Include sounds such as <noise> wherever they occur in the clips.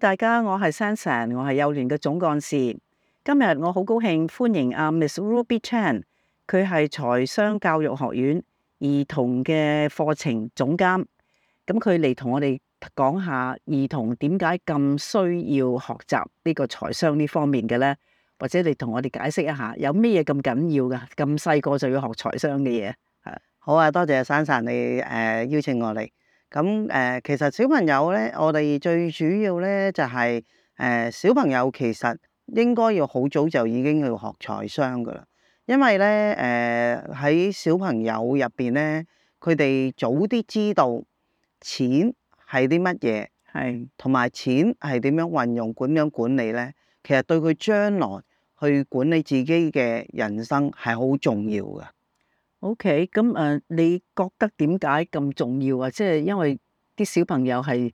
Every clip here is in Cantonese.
大家，我係 a n 我係幼聯嘅總幹事。今日我好高興歡迎阿 Miss Ruby Chan，佢係財商教育學院兒童嘅課程總監。咁佢嚟同我哋講下兒童點解咁需要學習呢個財商呢方面嘅咧？或者你同我哋解釋一下有麼麼，有咩嘢咁緊要噶？咁細個就要學財商嘅嘢？好啊，多謝山神你誒、uh, 邀請我嚟。咁誒、呃，其實小朋友咧，我哋最主要咧就係、是、誒、呃、小朋友其實應該要好早就已經要學財商噶啦，因為咧誒喺小朋友入邊咧，佢哋早啲知道錢係啲乜嘢，係同埋錢係點樣運用、點樣管理咧，其實對佢將來去管理自己嘅人生係好重要噶。OK，咁誒，okay，你覺得點解咁重要啊？即係因為啲小朋友係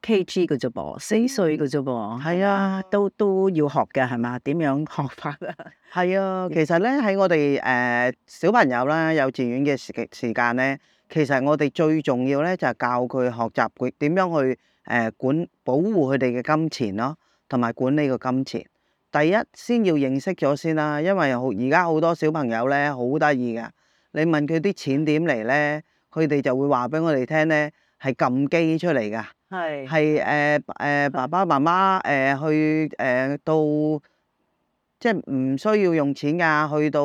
KG 嘅啫噃，四歲嘅啫噃，係啊，都都要學嘅係嘛？點樣學法啊？係 <laughs> 啊，其實咧喺我哋誒、呃、小朋友啦，幼稚園嘅時時間咧，其實我哋最重要咧就係、是、教佢學習佢點樣去誒管、呃、保護佢哋嘅金錢咯，同埋管理個金錢。第一先要認識咗先啦、啊，因為而家好多小朋友咧好得意嘅。你問佢啲錢點嚟咧，佢哋就會話俾我哋聽咧，係撳機出嚟㗎。係係誒誒，爸爸媽媽誒、呃、去誒、呃、到，即係唔需要用錢㗎，去到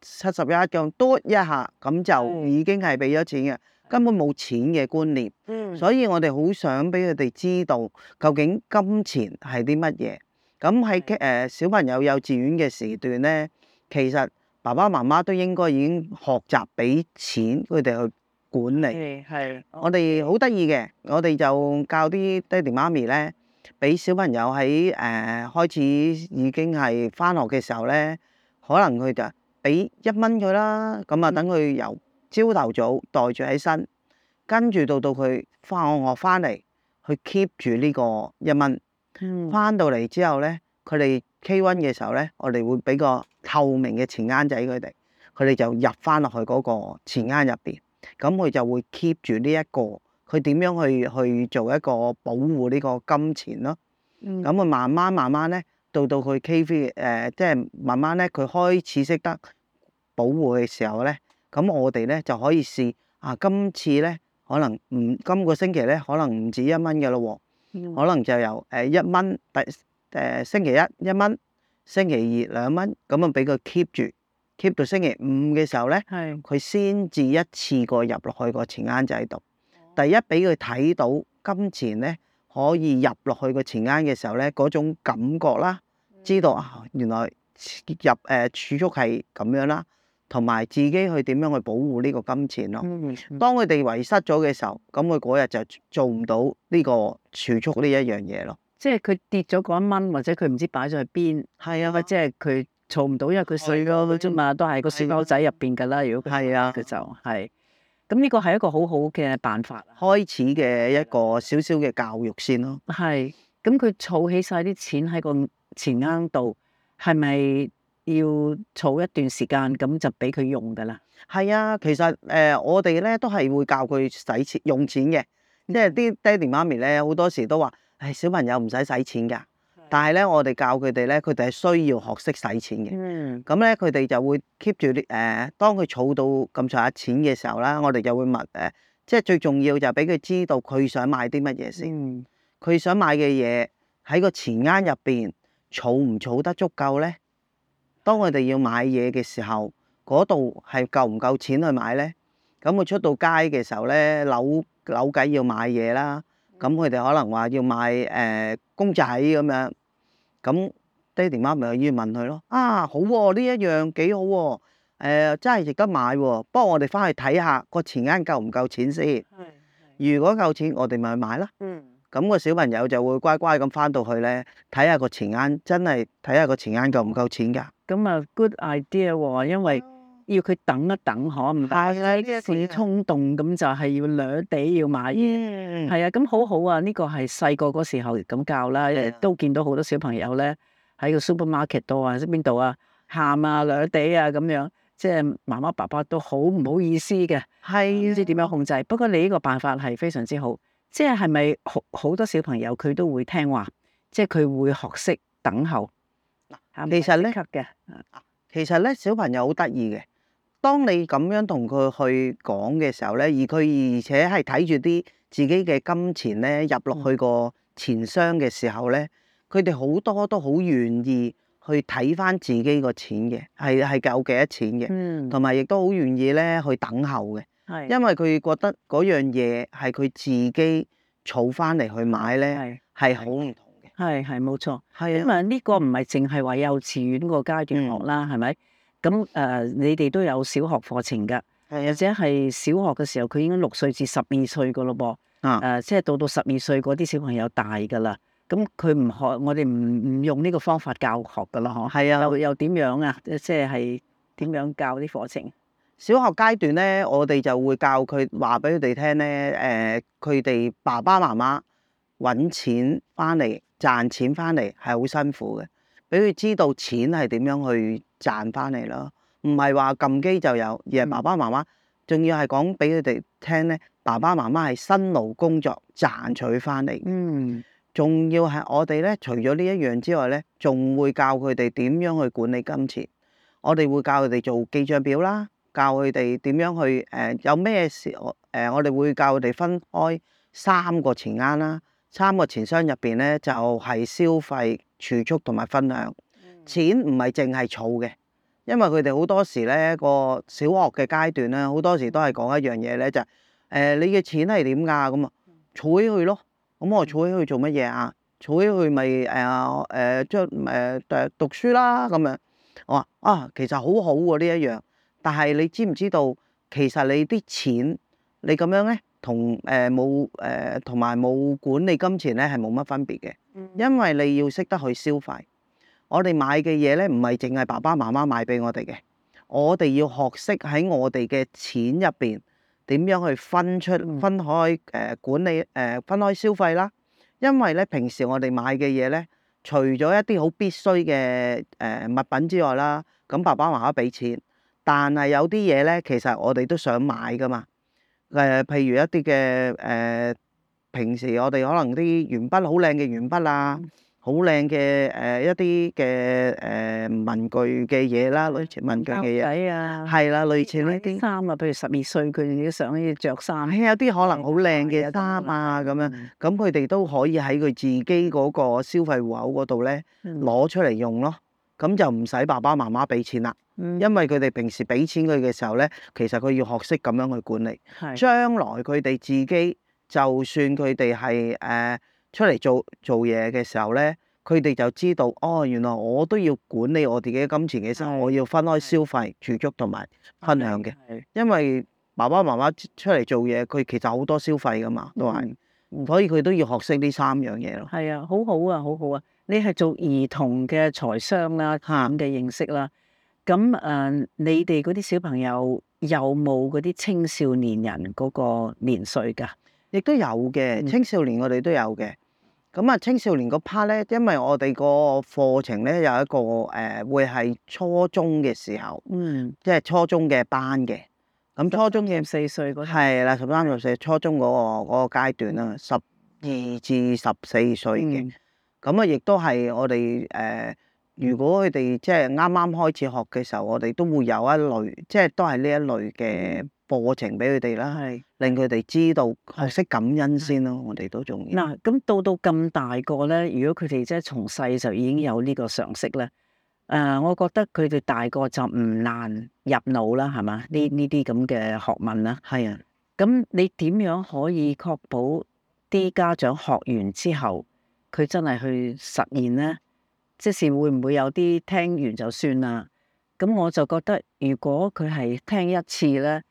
七十一咁嘟一下，咁就已經係俾咗錢嘅，根本冇錢嘅觀念。所以我哋好想俾佢哋知道究竟金錢係啲乜嘢。咁喺誒小朋友幼稚園嘅時段咧，其實～爸爸媽媽都應該已經學習俾錢佢哋去管理，係、嗯。我哋好得意嘅，我哋就教啲爹哋媽咪咧，俾小朋友喺誒、呃、開始已經係翻學嘅時候咧，可能佢就俾一蚊佢啦。咁啊，等佢由朝頭早袋住喺身，跟住到到佢翻學翻嚟去 keep 住呢個一蚊。翻到嚟之後咧，佢哋。K one 嘅時候咧，我哋會俾個透明嘅錢罌仔佢哋，佢哋就入翻落去嗰個錢罌入邊，咁佢就會 keep 住呢、這、一個，佢點樣去去做一個保護呢個金錢咯。咁佢、嗯、慢慢慢慢咧，到到佢 K three 即係慢慢咧，佢開始識得保護嘅時候咧，咁我哋咧就可以試啊。今次咧，可能唔今個星期咧，可能唔止一蚊嘅咯喎，可能就有誒、呃、一蚊第。誒星期一一蚊，星期二兩蚊，咁啊俾佢 keep 住，keep 到星期五嘅時候咧，係。佢先至一次過入落去個錢罌仔度。第一俾佢睇到金錢咧可以入落去個錢罌嘅時候咧，嗰種感覺啦，知道啊原來入誒、啊、儲蓄係咁樣啦，同埋自己去點樣去保護呢個金錢咯。當佢哋遺失咗嘅時候，咁佢嗰日就做唔到呢個儲蓄呢一樣嘢咯。即係佢跌咗嗰一蚊，或者佢唔知擺咗喺邊，咁啊！即係佢儲唔到，因為佢細咗啫嘛，啊、都係個小包仔入邊噶啦。啊、如果係啊，佢就係咁呢個係一個好好嘅辦法，開始嘅一個少少嘅教育先咯。係咁，佢儲起晒啲錢喺個錢罌度，係咪要儲一段時間咁就俾佢用噶啦？係啊，其實誒、呃，我哋咧都係會教佢使錢用錢嘅，即係啲爹哋媽咪咧好多時都話。誒小朋友唔使使錢㗎，但係咧我哋教佢哋咧，佢哋係需要學識使錢嘅。咁咧佢哋就會 keep 住誒、呃，當佢儲到咁上下錢嘅時候啦，我哋就會問誒、啊，即係最重要就係俾佢知道佢想買啲乜嘢先。佢、嗯、想買嘅嘢喺個錢罌入邊儲唔儲得足夠咧？當佢哋要買嘢嘅時候，嗰度係夠唔夠錢去買咧？咁佢出到街嘅時候咧，扭扭計要買嘢啦。咁佢哋可能話要買誒公仔咁樣，咁爹哋媽咪可以問佢咯。啊，好喎，呢一樣幾好喎，誒真係值得買喎。不過我哋翻去睇下個錢罌夠唔夠錢先。係。如果夠錢，我哋咪去買啦。嗯。咁個小朋友就會乖乖咁翻到去咧，睇下個錢罌真係睇下個錢罌夠唔夠錢㗎。咁啊，good idea 喎，因為，要佢等一等，可唔好一時衝動，咁就係要兩地要買。嗯，係啊，咁好好啊，呢、這個係細個嗰時候咁教啦。嗯、都見到好多小朋友咧喺個 supermarket 度啊，即邊度啊，喊啊，兩地啊咁樣，即係媽媽爸爸都好唔好意思嘅。係、啊，唔知點樣控制。不過你呢個辦法係非常之好，即係係咪好好多小朋友佢都會聽話，即係佢會學識等候。嗱、啊，其實咧，其實咧，小朋友好得意嘅。當你咁樣同佢去講嘅時候咧，而佢而且係睇住啲自己嘅金錢咧入落去個錢箱嘅時候咧，佢哋好多都好願意去睇翻自己個錢嘅，係係夠幾多錢嘅，同埋亦都好願意咧去等候嘅，嗯、因為佢覺得嗰樣嘢係佢自己儲翻嚟去買咧係好唔同嘅。係係冇錯，啊、因為呢個唔係淨係話幼稚園個階段落啦，係咪、嗯？咁誒、呃，你哋都有小學課程噶，的或者係小學嘅時候，佢已經六歲至十二歲噶咯噃。啊，誒、呃，即係到到十二歲嗰啲小朋友大噶啦。咁佢唔學，我哋唔唔用呢個方法教學噶啦，嗬。係啊，又又點樣啊？即係係點樣教啲課程？小學階段咧，我哋就會教佢話俾佢哋聽咧。誒，佢、呃、哋爸爸媽媽揾錢翻嚟，賺錢翻嚟係好辛苦嘅，俾佢知道錢係點樣去，賺翻嚟咯，唔係話撳機就有，而係爸爸媽媽仲要係講俾佢哋聽咧。爸爸媽媽係辛勞工作賺取翻嚟，嗯，仲要係我哋咧。除咗呢一樣之外咧，仲會教佢哋點樣去管理金錢。我哋會教佢哋做記賬表啦，教佢哋點樣去誒、呃，有咩事誒，我哋會教佢哋分開三個錢罌啦，三個錢箱入邊咧就係、是、消費、儲蓄同埋分享。錢唔係淨係儲嘅，因為佢哋好多時咧個小學嘅階段咧，好多時都係講一樣嘢咧，就誒、係呃、你嘅錢係點噶咁啊？儲起去咯，咁、嗯、我儲起去做乜嘢啊？儲起去咪誒誒即誒誒讀書啦咁樣，我話啊，其實好好喎呢一樣，但係你知唔知道，其實你啲錢你咁樣咧，同誒冇誒同埋冇管理金錢咧係冇乜分別嘅，因為你要識得去消費。我哋買嘅嘢咧，唔係淨係爸爸媽媽買俾我哋嘅，我哋要學識喺我哋嘅錢入邊點樣去分出、分開誒、呃、管理誒、呃、分開消費啦。因為咧平時我哋買嘅嘢咧，除咗一啲好必須嘅誒物品之外啦，咁爸爸媽媽俾錢，但係有啲嘢咧，其實我哋都想買噶嘛。誒、呃，譬如一啲嘅誒，平時我哋可能啲鉛筆好靚嘅鉛筆啦。好靚嘅誒一啲嘅誒文具嘅嘢啦，類似文具嘅嘢，係啦，類似呢啲衫啊，譬如十二歲佢哋都想要著衫，有啲可能好靚嘅衫啊咁樣，咁佢哋都可以喺佢自己嗰個消費戶口嗰度咧攞出嚟用咯，咁就唔使爸爸媽媽俾錢啦，嗯、因為佢哋平時俾錢佢嘅時候咧，其實佢要學識咁樣去管理，係將來佢哋自己就算佢哋係誒。呃出嚟做做嘢嘅時候咧，佢哋就知道哦，原來我都要管理我自己嘅金錢嘅，所以的我要分開消費、儲蓄同埋分享嘅。因為爸爸媽媽出嚟做嘢，佢其實好多消費噶嘛，都係，嗯、所以佢都要學識呢三樣嘢咯。係啊，好好啊，好好啊！你係做兒童嘅財商啦、下午嘅認識啦，咁誒的、uh, 你哋嗰啲小朋友有冇嗰啲青少年人嗰個年歲噶？亦、嗯、都有嘅，青少年我哋都有嘅。咁啊，青少年嗰 part 咧，因為我哋個課程咧，有一個誒、呃，會係初中嘅時候，嗯、即係初中嘅班嘅。咁初中嘅四歲嗰，係啦，十三、十四，初中嗰、嗯嗰個嗰階、嗰個、段啦，十二至十四歲嘅。咁啊、嗯，亦都係我哋誒。呃如果佢哋即係啱啱開始學嘅時候，我哋都會有一類，即係都係呢一類嘅課程俾佢哋啦，係令佢哋知道學識感恩先咯。我哋都仲要。嗱、嗯，咁到到咁大個咧，如果佢哋即係從細就已經有呢個常識咧，誒、呃，我覺得佢哋大個就唔難入腦啦，係嘛？呢呢啲咁嘅學問啦，係啊。咁你點樣可以確保啲家長學完之後，佢真係去實現咧？即是會唔會有啲聽完就算啦？咁我就覺得，如果佢係聽一次咧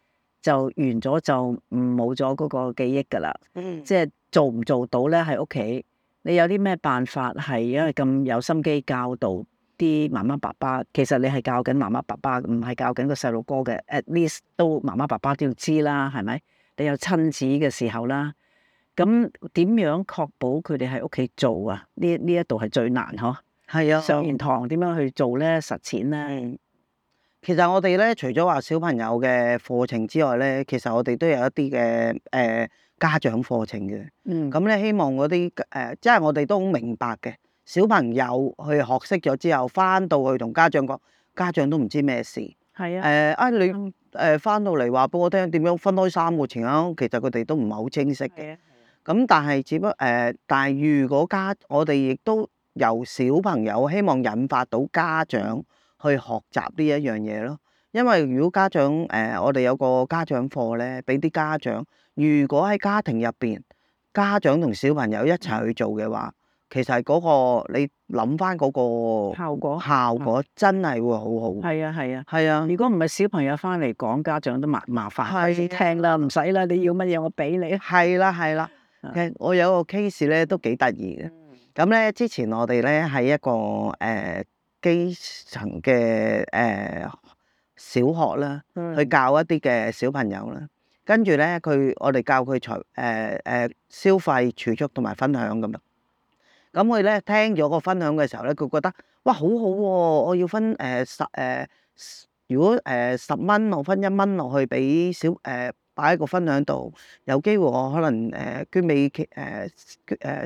就完咗，就唔冇咗嗰個記憶㗎啦。Mm hmm. 即係做唔做到咧？喺屋企，你有啲咩辦法係因為咁有心機教導啲媽媽爸爸？其實你係教緊媽媽爸爸，唔係教緊個細路哥嘅。Mm hmm. At least 都媽媽爸爸都要知啦，係咪？你有親子嘅時候啦，咁點樣確保佢哋喺屋企做啊？呢呢一度係最難呵。係啊，上完堂點樣去做咧？實踐咧。其實我哋咧，除咗話小朋友嘅課程之外咧，其實我哋都有一啲嘅誒家長課程嘅。嗯。咁咧，希望嗰啲誒，即係我哋都好明白嘅。小朋友去學識咗之後，翻到去同家長講，家長都唔知咩事。係啊。誒，啊，你誒翻到嚟話俾我聽點樣分開三個情況，其實佢哋都唔係好清晰嘅。係啊係啊。咁但係，只不過誒、呃，但係如果家我哋亦都。由小朋友希望引發到家長去學習呢一樣嘢咯，因為如果家長誒、呃，我哋有個家長課咧，俾啲家長，如果喺家庭入邊，家長同小朋友一齊去做嘅話，其實嗰、嗰個你諗翻嗰個效果效果，效果真係會好好。係啊係啊係啊！啊啊啊如果唔係小朋友翻嚟講，家長都麻麻煩了、啊、聽啦，唔使啦，你要乜嘢我俾你啊。係啦係啦，啊、我有個 case 咧都幾得意嘅。咁咧，之前我哋咧喺一個誒、呃、基層嘅誒、呃、小學啦，去教一啲嘅小朋友啦。跟住咧，佢，我哋教佢財誒誒消費、儲蓄同埋分享咁咯。咁佢咧聽咗個分享嘅時候咧，佢覺得哇好好喎、啊！我要分誒、呃、十誒、呃，如果誒、呃、十蚊我分一蚊落去俾小誒。呃擺喺個分享度，有機會我可能誒捐畀佢誒誒，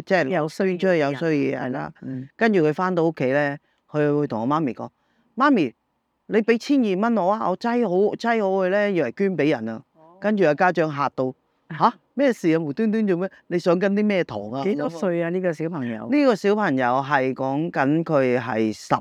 即係捐出去有需要係啦。嗯、跟住佢翻到屋企咧，佢會同我媽咪講：媽咪，你俾千二蚊我啊，我擠好擠好佢咧，要嚟捐俾人啊！哦、跟住阿家長嚇到吓？咩事、哎、啊？無端端做咩？你想跟啲咩堂啊？幾多歲啊？呢個小朋友？呢個小朋友係講緊佢係十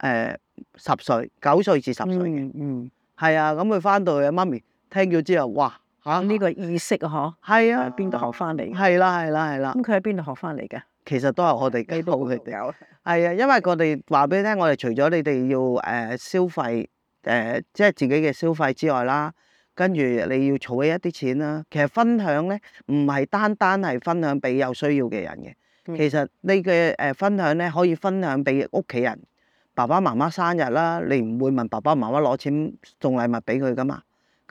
誒十歲，九歲至十歲嘅、嗯。嗯，係啊，咁佢翻到去媽咪。嗯聽咗之後，哇嚇！呢、啊、個意識啊，嗬，係啊，邊度、啊啊啊、學翻嚟？係啦，係啦，係啦。咁佢喺邊度學翻嚟嘅？其實都係我哋 guide 佢哋。係 <laughs> 啊，因為我哋話俾你聽， <laughs> 我哋除咗你哋要誒消費誒、呃，即係自己嘅消費之外啦，跟住你要儲起一啲錢啦。其實分享咧唔係單單係分享俾有需要嘅人嘅，嗯、其實呢嘅誒分享咧可以分享俾屋企人，爸爸媽媽生日啦，你唔會問爸爸媽媽攞錢送禮物俾佢噶嘛。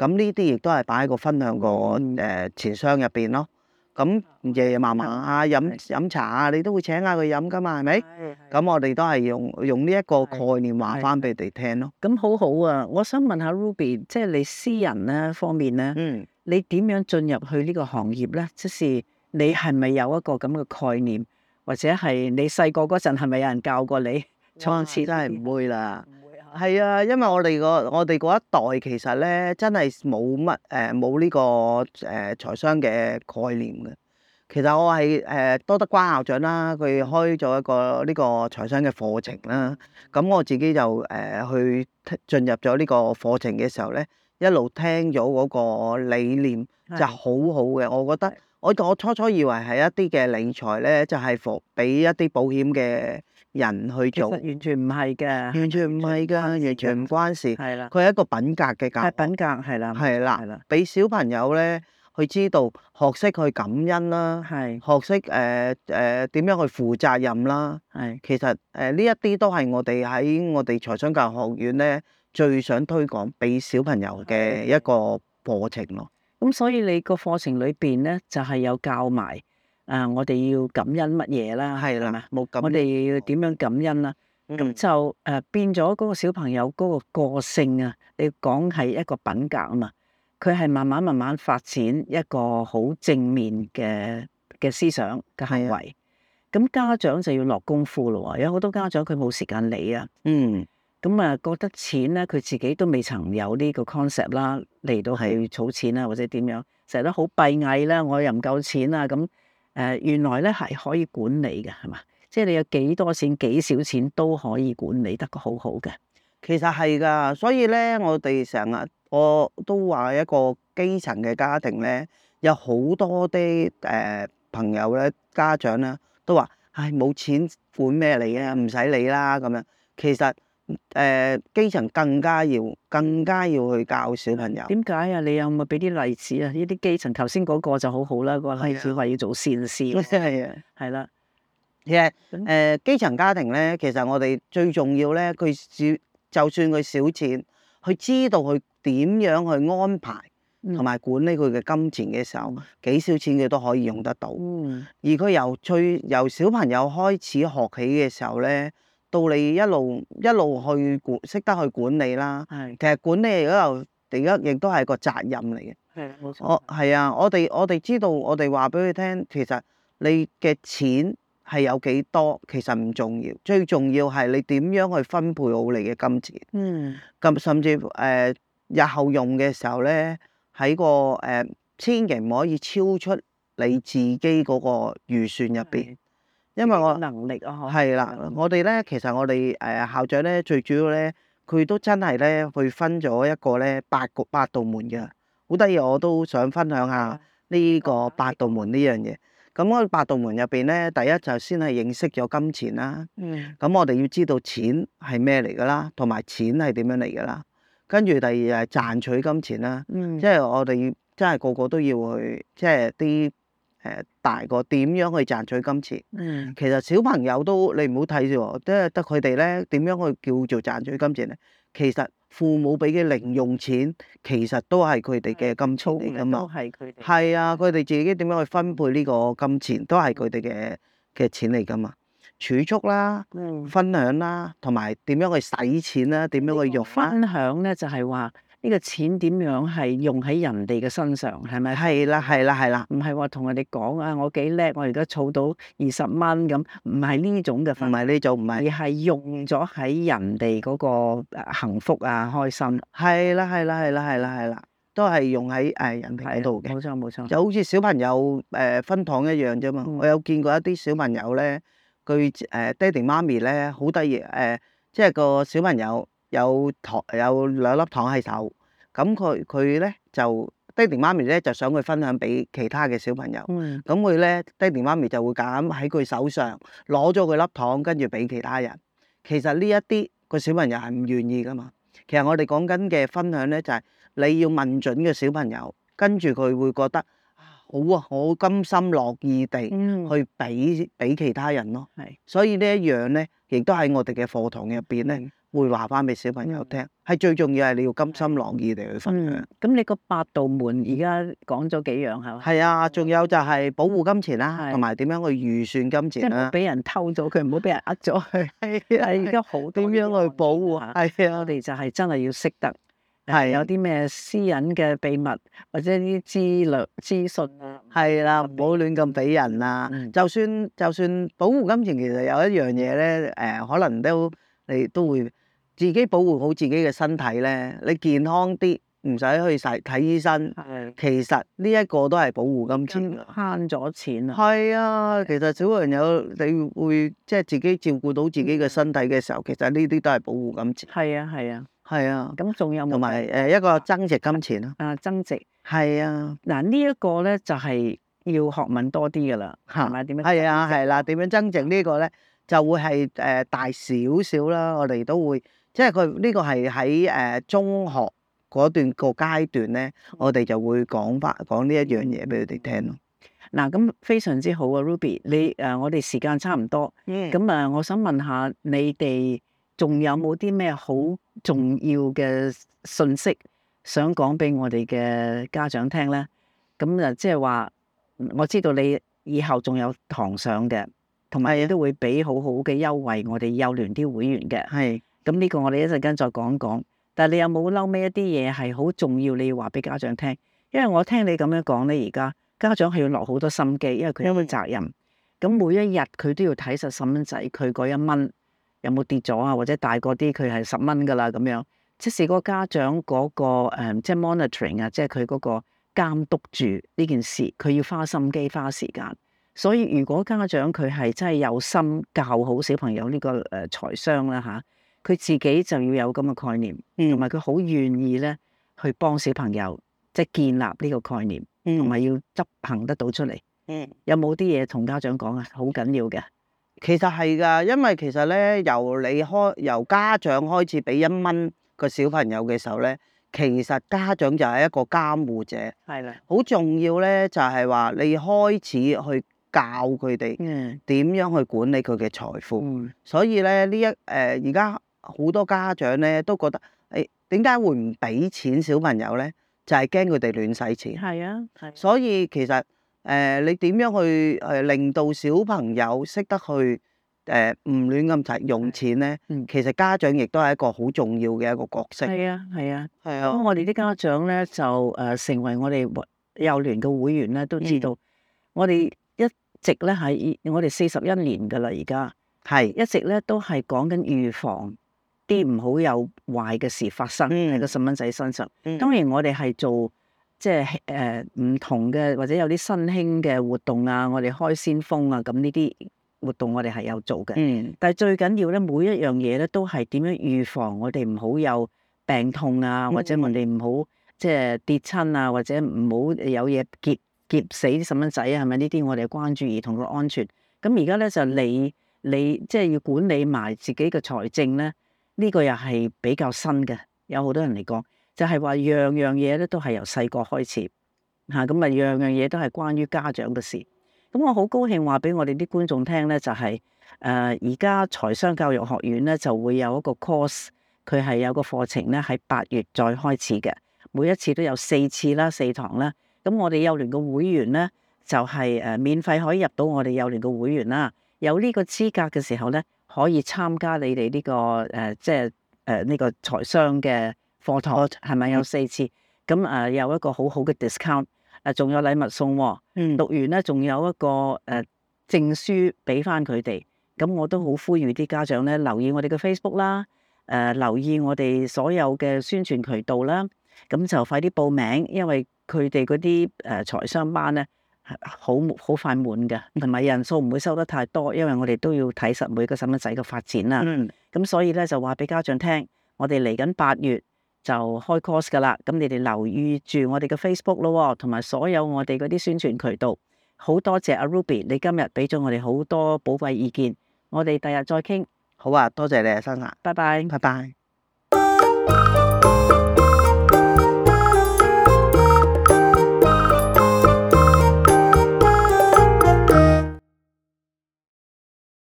咁呢啲亦都係擺喺個分享個誒錢箱入邊咯。咁爺爺嫲嫲啊，飲飲茶啊，你都會請下佢飲噶嘛，係咪？咁我哋都係用用呢一個概念話翻俾你聽咯。咁好好啊！我想問下 Ruby，即係你私人咧方面咧，你點樣進入去呢個行業咧？即是你係咪有一個咁嘅概念，或者係你細個嗰陣係咪有人教過你初次都係唔會啦？係啊，因為我哋個我哋嗰一代其實咧，真係冇乜誒冇呢個誒財、呃、商嘅概念嘅。其實我係誒、呃、多得關校長啦，佢開咗一個呢、這個財商嘅課程啦。咁我自己就誒、呃、去進入咗呢個課程嘅時候咧，一路聽咗嗰個理念就好好嘅。是我覺得我我初初以為係一啲嘅理財咧，就係服俾一啲保險嘅。人去做，完全唔係嘅，完全唔係噶，完全唔關事。係啦，佢係的一個品格嘅教，係品格，係啦，係啦，係啦，俾小朋友咧，去知道學識去感恩啦，係的，學識誒誒點樣去負責任啦，係的。其實誒呢一啲都係我哋喺我哋財商教育學院咧最想推廣俾小朋友嘅一個課程咯。咁所以你個課程裏邊咧就係、是、有教埋。啊！我哋要感恩乜嘢啦？係啦，冇感恩。我哋要點樣感恩啦？咁、嗯、就誒變咗嗰個小朋友嗰個個性啊！你講係一個品格啊嘛，佢係慢慢慢慢發展一個好正面嘅嘅思想嘅行為。咁的家長就要落功夫咯。有好多家長佢冇時間理啊。嗯。咁啊，覺得錢咧，佢自己都未曾有呢個 concept 啦，嚟到係儲錢啊，或者點樣，成日都好閉翳啦，我又唔夠錢啊咁。誒、呃、原來咧係可以管理嘅，係嘛？即係你有幾多錢、幾少錢都可以管理得好好嘅。其實係㗎，所以咧我哋成日我都話一個基層嘅家庭咧，有好多啲誒、呃、朋友咧、家長咧都話：唉、哎，冇錢管咩你呀，唔使理啦咁樣。其實誒、呃，基層更加要，更加要去教小朋友。點解啊？你有冇俾啲例子啊？呢啲基層，頭先嗰個就好好啦。嗰、嗰個，例子話要做善事。係啊，係啦的。其實誒，基層家庭咧，其實我哋最重要咧，佢少就算佢少錢，佢知道佢點樣去安排同埋，嗯、管理佢嘅金錢嘅時候，幾少錢佢都可以用得到。嗯，而佢由最由小朋友開始學起嘅時候咧。到你一路一路去管，識得去管理啦。係的，其實管理而家又而家亦都係個責任嚟嘅。係啊，冇錯。我係啊，我哋我哋知道，我哋話俾佢聽，其實你嘅錢係有幾多，其實唔重要。最重要係你點樣去分配好你嘅金錢。嗯。咁甚至乎誒、呃，日後用嘅時候咧，喺個誒、呃，千祈唔可以超出你自己嗰個預算入邊。因為我能力啊，係啦，我哋咧其實我哋誒、呃、校長咧最主要咧，佢都真係咧去分咗一個咧八個八道門嘅，好得意我都想分享下呢個八道門呢樣嘢。咁的我八道門入邊咧，第一就是先係認識咗金錢啦，咁、嗯、我哋要知道錢係咩嚟㗎啦，同埋錢係點樣嚟㗎啦。跟住第二就係賺取金錢啦，嗯、即係我哋真係個個都要去即係啲。誒，大個點樣去賺取金錢？嗯，其實小朋友都你唔好睇住，即係得佢哋咧點樣去叫做賺取金錢咧？其實父母俾嘅零用錢，其實都係佢哋嘅金儲嚟噶嘛，係啊，佢哋自己點樣去分配呢個金錢都係佢哋嘅嘅錢嚟噶嘛，儲蓄啦，嗯、分享啦，同埋點樣去使錢啦，點樣去用？分享咧就係話。呢個錢點樣係用喺人哋嘅身上，係咪？係啦，係啦，係啦，唔係話同人哋講啊，我幾叻，我而家儲到二十蚊咁，唔係呢種嘅份，唔係呢種，唔係，而係用咗喺人哋嗰個幸福啊、開心。係啦，係啦，係啦，係啦，係啦，都係用喺誒人哋嗰度嘅。冇錯，冇錯。就好似小朋友誒分糖一樣啫嘛。我有見過一啲小朋友咧，佢誒爹地媽咪咧好得意誒，即係個小朋友。有糖有兩粒糖喺手，咁佢佢咧就爹哋媽咪咧就想佢分享俾其他嘅小朋友，咁佢咧爹哋媽咪就會揀喺佢手上攞咗佢粒糖，跟住俾其他人。其實呢一啲個小朋友係唔願意㗎嘛。其實我哋講緊嘅分享咧就係你要問準個小朋友，跟住佢會覺得啊好啊，我好甘心樂意地去俾俾其他人咯。係，所以呢一樣咧亦都喺我哋嘅課堂入邊咧。會話翻俾小朋友聽，係最重要係你要甘心樂意地去分享。咁你個八道門而家講咗幾樣係嘛？係啊，仲有就係保護金錢啦，同埋點樣去預算金錢啦，俾人偷咗佢，唔好俾人呃咗佢。係啊，而家好點樣去保護嚇？係啊，我哋就係真係要識得，係有啲咩私隱嘅秘密或者啲資料資訊啊，係啦，唔好亂咁俾人啦。就算就算保護金錢，其實有一樣嘢咧，誒可能都你都會。自己保護好自己嘅身體咧，你健康啲，唔使去睇睇醫生。係。其實呢一個都係保護金錢。慳咗錢啊！係啊，其實小朋友你會即係自己照顧到自己嘅身體嘅時候，其實呢啲都係保護金錢。係啊，係啊，係啊。咁仲有冇？同埋誒一個增值金錢啦。啊，增值。係啊。嗱呢一個咧就係要學問多啲㗎喇，係咪？點樣？係啊，係啦，點樣增值呢個咧，就會係誒大少少啦。我哋都會。即係佢呢個係喺誒中學嗰段個階段咧，我哋就會講翻講呢一樣嘢俾佢哋聽咯。嗱，咁非常之好啊，Ruby，你誒、呃，我哋時間差唔多，咁啊、嗯呃，我想問下你哋仲有冇啲咩好重要嘅信息想講俾我哋嘅家長聽咧？咁啊、呃，即係話我知道你以後仲有堂上嘅，同埋都會俾好好嘅優惠我哋幼聯啲會員嘅，係。咁呢個我哋一陣間再講講，但係你有冇嬲尾一啲嘢係好重要？你要話俾家長聽，因為我聽你咁樣講咧，而家家長係要落好多心機，因為佢有，有責任。咁、嗯、每一日佢都要睇實細蚊仔佢嗰一蚊有冇跌咗啊，或者大個啲佢係十蚊噶啦咁樣，即使個家長嗰、嗰個即係 monitoring 啊，即係佢嗰個監督住呢件事，佢要花心機花時間。所以如果家長佢係真係有心教好小朋友呢個誒財商啦嚇。佢自己就要有咁嘅概念，嗯，同埋佢好願意咧去幫小朋友即係建立呢個概念，嗯，同埋要執行得到出嚟，嗯。有冇啲嘢同家長講啊？好緊要嘅。其實，係㗎，因為其實咧，由你開由家長開始俾一蚊個小朋友嘅時候咧，其實家長就係一個監護者，係啦的。好重要咧，就係話你開始去教佢哋點樣去管理佢嘅財富，嗯、所以咧呢一誒而家。呃好多家長咧都覺得誒點解會唔俾錢小朋友咧？就係驚佢哋亂使錢。係啊，係。所以其實誒、呃、你點樣去誒、呃、令到小朋友識得去誒唔、呃、亂咁就用錢咧？其實家長亦都係一個好重要嘅一個角色。係啊，係啊，係啊的。咁我哋啲家長咧就誒成為我哋幼聯嘅會員咧，都知道我哋一直咧係我哋四十一年㗎喇，而家係一直咧都係講緊預防。啲唔好有壞嘅事發生喺個細蚊仔身上。嗯、當然我，我哋係做即係誒唔同嘅，或者有啲新興嘅活動啊。我哋開先鋒啊，咁呢啲活動我哋係有做嘅。嗯、但係最緊要咧，每一樣嘢咧都係點樣預防我哋唔好有病痛啊，嗯、或者我哋唔好即係跌親啊，或者唔好有嘢夾夾死啲細蚊仔啊，係咪呢啲？我哋關注兒童嘅安全。咁而家咧就你你即係要管理埋自己嘅財政咧。呢個又係比較新嘅，有好多人嚟講，就係、是、話樣樣嘢咧都係由細個開始嚇，咁啊樣樣嘢都係關於家長嘅事。咁我好高興話俾我哋啲觀眾聽咧，就係誒而家財商教育學院咧就會有一個 course，佢係有個課程咧喺八月再開始嘅，每一次都有四次啦，四堂啦。咁我哋幼聯嘅會員咧就係、是、誒免費可以入到我哋幼聯嘅會員啦，有呢個資格嘅時候咧。可以參加你哋呢、這個誒，即係誒呢個財商嘅課堂，係咪有四次？咁誒、呃、有一個好好嘅 discount，嗱、呃、仲有禮物送喎。哦嗯、讀完咧仲有一個誒、呃、證書俾翻佢哋。咁我都好呼籲啲家長咧，留意我哋嘅 Facebook 啦，誒、呃、留意我哋所有嘅宣傳渠道啦。咁就快啲報名，因為佢哋嗰啲誒財商班咧。好好快滿噶，同埋人數唔會收得太多，因為我哋都要睇實每個細蚊仔嘅發展啦。咁、嗯、所以咧就話俾家長聽，我哋嚟緊八月就開 course 噶啦。咁你哋留意住我哋嘅 Facebook 咯，同埋所有我哋嗰啲宣傳渠道。好多謝阿 Ruby，你今日俾咗我哋好多寶貴意見，我哋第日再傾。好啊，多謝你啊，Sansan，拜拜 bye，拜拜。